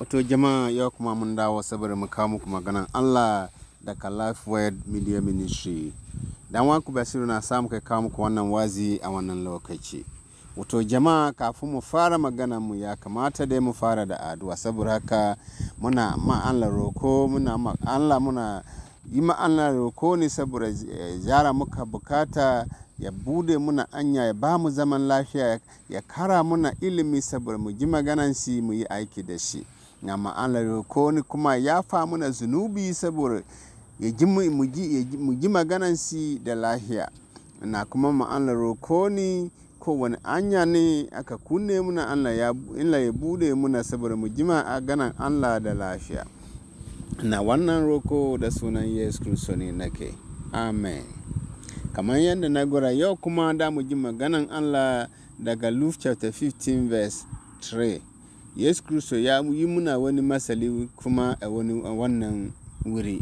wato jama'a yau kuma mun dawo saboda mu kawo muku maganan allah da life word media ministry dan wanku basiru na samu kai kawo muku wannan wazi a wannan lokaci wato jama'a kafin mu fara magana mu ya kamata dai mu fara da addu'a saboda haka muna ma allah roko muna ma allah muna yi ma allah roko ne saboda jara muka bukata ya bude muna anya ya ba mu zaman lafiya ya kara muna ilimi saboda mu ji shi mu yi aiki da shi na ma'anar ko ni kuma yafa mana zunubi saboda mu ji maganansi da lahiya na kuma ma'anar roko ni ko wani anya ne aka kunne muna allah ya bude muna saboda mu ji maganan allah da lafiya na wannan roko da sunan yesu kristo ne nake amen kamar yadda na gura yau kuma da mu ji maganan allah daga luke chapter 15 verse 3 yesu kristo ya yi muna wani masali kuma a wannan wuri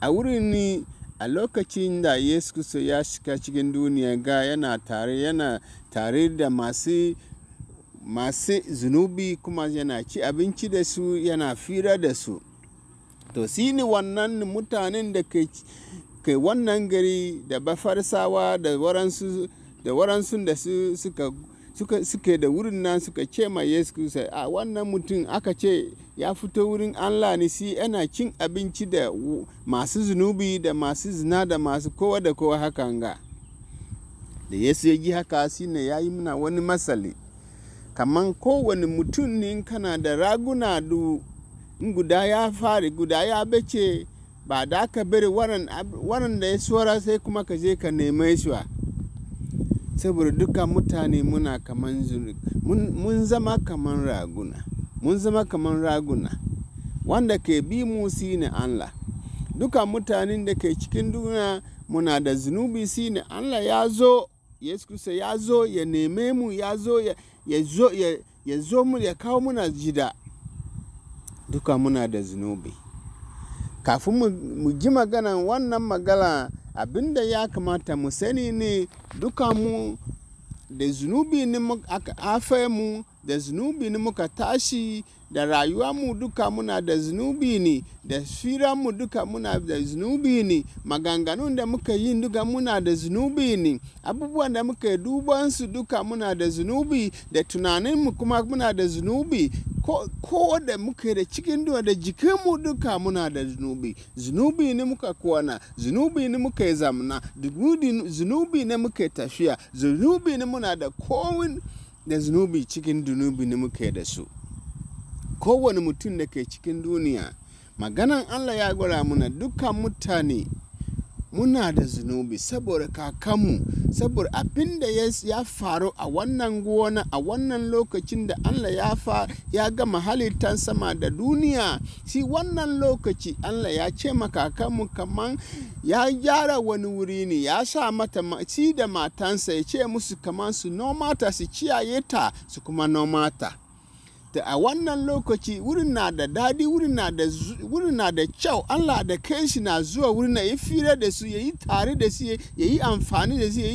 a wurin ni a lokacin da yesu kristo ya shiga cikin duniya ga yana tare yana tare da masu masu zunubi kuma yana ci abinci da su yana fira da su to shi ne wannan mutanen da ke kai wannan gari da bafarsawa da waransu da waransu da su suka suka suke da wurin nan suka ce ma yesu kristo a wannan mutum aka ce ya fito wurin allah ne si yana cin abinci da masu zunubi da masu zina da masu kowa da kowa hakan ga da yesu ya ji haka si ne ya yi muna wani masali kamar kowane mutum ne kana da raguna du guda ya fari guda ya bace ba da aka bari waran da ya sora sai kuma ka je ka neme shi saboda duka mutane muna kaman zuri mun zama kaman raguna mun zama kaman raguna wanda ke bi mu si ne Allah duka mutane da ke cikin duniya muna da zunubi si ne Allah ya zo Yesu kusa ya zo ya neme mu ya zo ya zo ya zo mu ya kawo muna jida duka muna da zunubi kafin mu ji magana wannan magana abin da ya kamata mu sani ne mu da zunubi ne aka afe mu da zunubi ne muka tashi da rayuwarmu duka muna da zunubi ne da mu duka muna da zunubi ne maganganun da muka yi duka muna da zunubi ne abubuwan da muka duban su duka muna da zunubi da mu kuma muna da zunubi ko da muke da cikin duwa da jikinmu duka muna da zunubi zunubi ne muka kwana zunubi ne muka yi zamana zunubi ne muka tafiya zunubi ne muna da kowin da zunubi cikin zunubi ne muka da su kowane mutum da ke cikin duniya maganan allah ya gura muna dukkan mutane muna da zunubi saboda kakanmu saboda abin da ya faru a wannan gona a wannan lokacin da Allah ya fa ya gama halittar sama da duniya shi wannan lokaci Allah ya ce kakanmu kaman ya gyara wani wuri ne ya sa mata shi da matansa ya ce musu kaman su noma su ciyaye ta su kuma noma da a wannan lokaci wurin na da daɗi wurin na da kyau allah da shi na zuwa wurin na yi fira da su ya yi tare da su ya yi amfani da su ya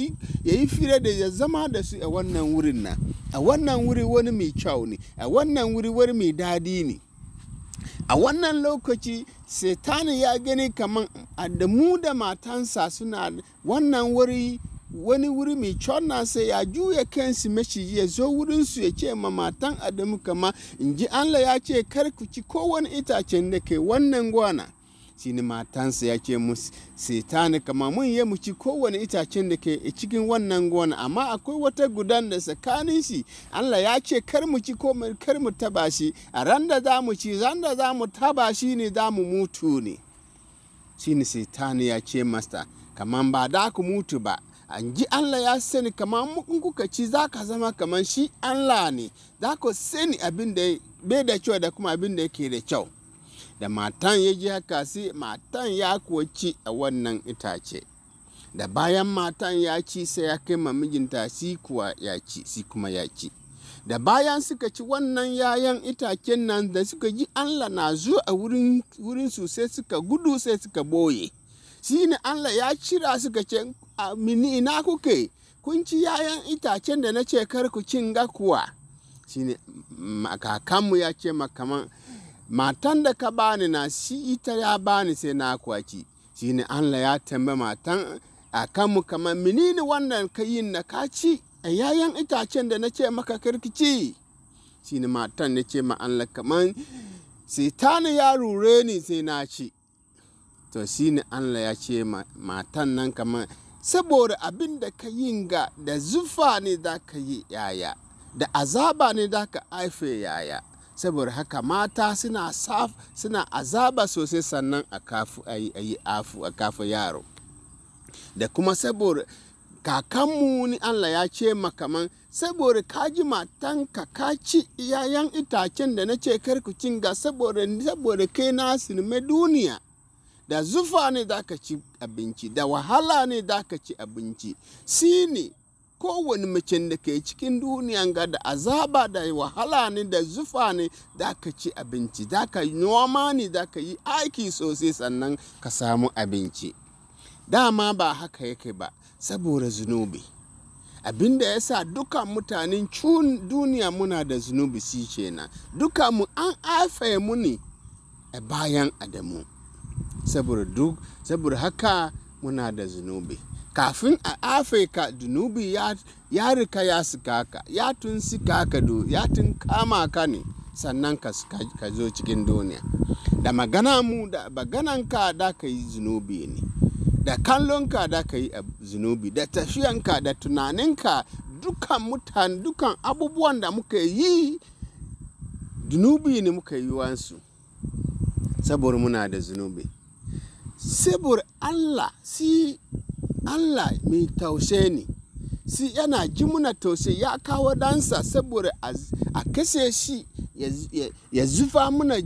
yi fira da ya zama da su a wannan wurin na a wannan wuri wani mai kyau ne a wannan wuri wani mai daɗi ne a wannan lokaci satani ya gani kamar da mu da matansa suna wannan wuri wani wuri mai conna sai ya juya kansu mashi ya zo wurin su ya ce ma matan adamu kama in ji allah ya ce kar ku ci kowane itacen da ke wannan gwana shi ne matansa ya ce musu setani kama mun yi mu ci kowane itacen da ke cikin wannan gona amma akwai wata gudan da tsakanin shi Allah ya ce kar mu ci ko kar mu taba shi a ran da za mu ci ran da za mu taba shi ne za mu mutu ne shi ne setani ya ce masta kaman ba da ku mutu ba an angi Allah ya sani kamar mukun kuka ci za ka zama kamar shi Allah ne za ku sani abin da bai da kyau da kuma abin da yake da kyau da matan ya ji haka sai matan ya kuwa ci a wannan itace da bayan matan ya ci sai ya kai mijinta si kuwa ya ci si kuma ya ci da bayan suka ci wannan yayan itaken nan da suka ji Allah na zuwa a wurin su sai suka gudu sai suka boye shi ne Allah ya cira suka ce mini ina kuke kun ci ‘ya'yan itacen da na ce kar ku cin gakuwa kuwa shine makakanmu ya ce makaman matan da ka bani na shi ita ya bani sai na kwaci shine Allah ya tambe matan a kanmu kamar menene wannan ka yin na ka ci a ‘ya'yan itacen da na ce maka karkici shine matan na ce ma Allah kamar sitani ya rure ni sai na ci to shine Allah ya ce matan nan kamar saboda abin da ka yin ga da zufa ne za ka yi yaya da azaba ne za ka haife yaya saboda haka mata suna saf suna azaba sosai sannan a kafu yaro da kuma saboda kakanmu ni Allah ya ce makaman saboda ka ji matanka ka ci iyayen itacen da na ce karku cin ga saboda kai na sinime duniya da zufa ne za ka ci abinci da wahala ne za ka ci abinci si ne kowane mace da ke cikin duniyan ga da azaba da wahala ne da zufa ne za ka ci abinci za ka yi noma ne za ka yi aiki sosai sannan ka samu abinci dama ba haka yake ba saboda zunubi da ya sa duka mutanen duniya muna da zunubi shi kenan duka mu an afe mu ne a bayan adamu saboda duk saboda haka muna da zunubi kafin a afirka ka zunubi ya rika ya sika ka ya tun sika ka ya tun kama ka ne sannan ka zo cikin duniya da magana mu da magananka da ka yi zunubi ne da kallonka da ka yi zunubi da tafiyanka da tunaninka dukan mutane dukan abubuwan da muka yi zunubi ne muka yi wansu saboda muna da zunubi Saboda Allah si Allah mai taushe ne, si yana ji muna taushe ya kawo dansa saboda a kashe shi ya zufa muna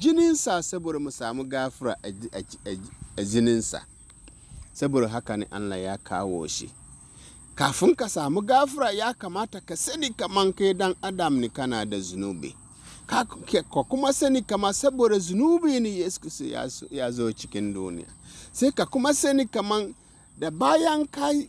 jininsa saboda mu samu gafura a jininsa. Saboda haka ne Allah ya kawo shi. Kafin ka samu gafura ya kamata ka sani kaman kai dan adam ne kana da zunubi. ka kuma sani kama saboda zunubi ne yesu kristo ya zo cikin duniya sai ka kuma sani kaman da bayan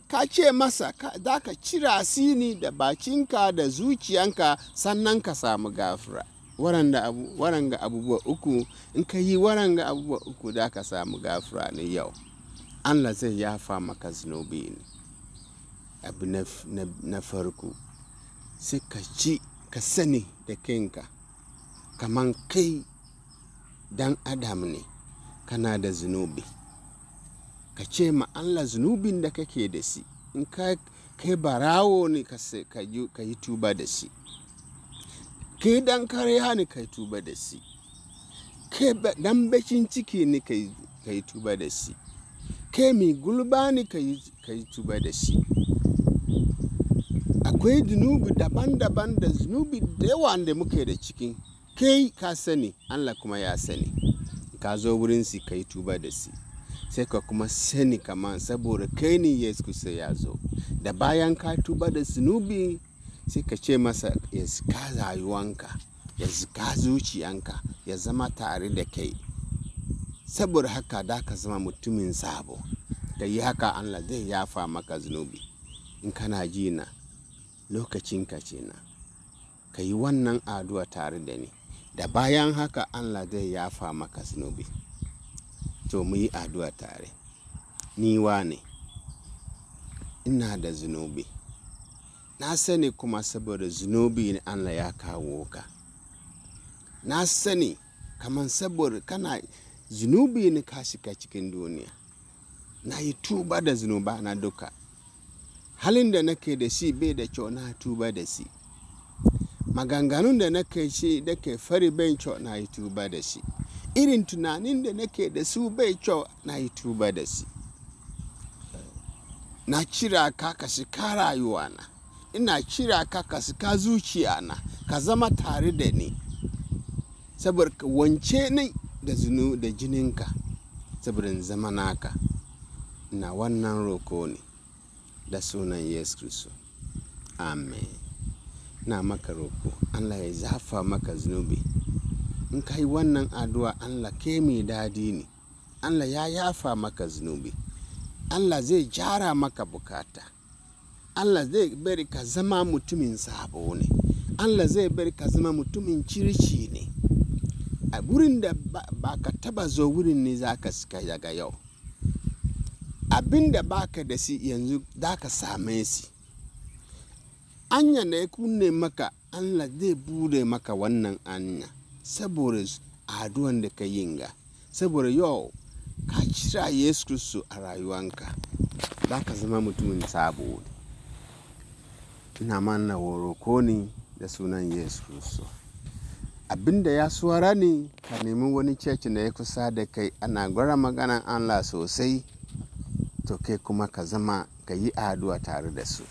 ka ce masa za ka cira sini da bakinka da zuciyanka sannan ka samu gafura waranga abubuwa uku in ka yi waranga abubuwa uku da ka samu gafura ne yau allah zai yafa maka zunubi ne abu na farko sai ka ci ka sani da kinka. kaman kai dan adam ne kana da zunubi ka ce ma allah zunubin da kake da shi in ka kai barawo ne ka yi tuba da shi kai dan kariya ne ka yi tuba da shi kai dan bakin ciki ne ka yi tuba da shi kai mai gulba ne ka yi tuba da shi akwai zunubi daban-daban da zunubi da yawa da muke da cikin kai ka sani Allah kuma ya sani ka zo wurin si ka yi tuba da si sai ka kuma sani kaman saboda kai ne yesu kusa ya zo da bayan ka tuba da zunubi sai ka ce masa ya zika rayuwanka ya zika zuciyanka ya zama tare da kai saboda haka da ka zama mutumin sabo da yi haka allah zai yafa maka zunubi in kana jina na ka ce na ka yi wannan addu'a tare da ni da bayan haka Allah zai yafa maka zunubi to mu yi addu'a tare ni ne ina da zunubi na sani kuma saboda zunubi ne Allah ya kawo ka na sani kamar saboda kana zunubi ne ka shiga cikin duniya na yi tuba da zunuba na duka halin da nake da shi bai da kyau na tuba da shi maganganun da nake shi ke fari bai kyau na yi tuba da shi irin tunanin da nake da su bai kyau na yi tuba da shi na kira ka ka shika rayuwa na ina kira ka ka shika zuciya na ka zama tare da ni saboda wance ni da zunu da ka saboda zama naka na wannan roko ne da sunan yesu kristo amen ina maka roƙo Allah ya zafa maka zunubi in ka yi wannan addu'a Allah ke mai dadi ne Allah ya yafa maka zunubi Allah zai jara maka bukata Allah zai bari ka zama mutumin sabo ne Allah zai bari ka zama mutumin circi ne a wurin da ba ka taba zo wurin ne za ka suka yaga yau abin da baka da si yanzu za ka same si anya na ya kunne maka allah zai bude maka wannan anya saboda aduwan da ka yin ga saboda yau ka cira yesu kristo a rayuwanka za ka zama mutumin sabo ina mana ko ne da sunan yesu kristo abinda ya suwara ne ka nemi wani cece na ya kusa da kai ana gwara maganan allah sosai to kai kuma ka zama ka yi aduwa tare da su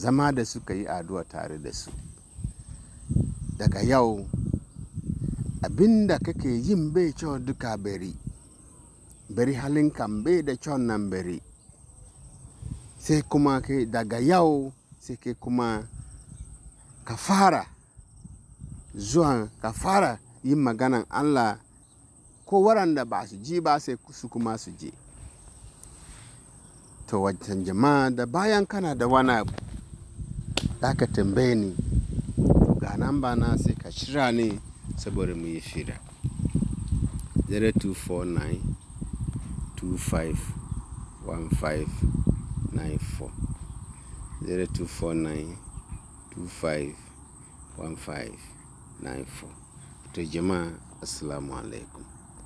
zama da suka ka yi addu'a tare da su daga yau abin da kake yin bai kyau duka bari bari kan bai da kyau nan bari sai kuma daga yau sai ke kuma ka fara zuwa ka fara yin maganan allah ko waɗanda ba su ji ba sai su kuma su je to wancan jama'a da bayan kana da wani abu da ka tambaye ni to ga namba na sai ka shira ne saboda mu yi shira 0249 25 15 94 0249 25 15 94 to jama'a assalamu alaikum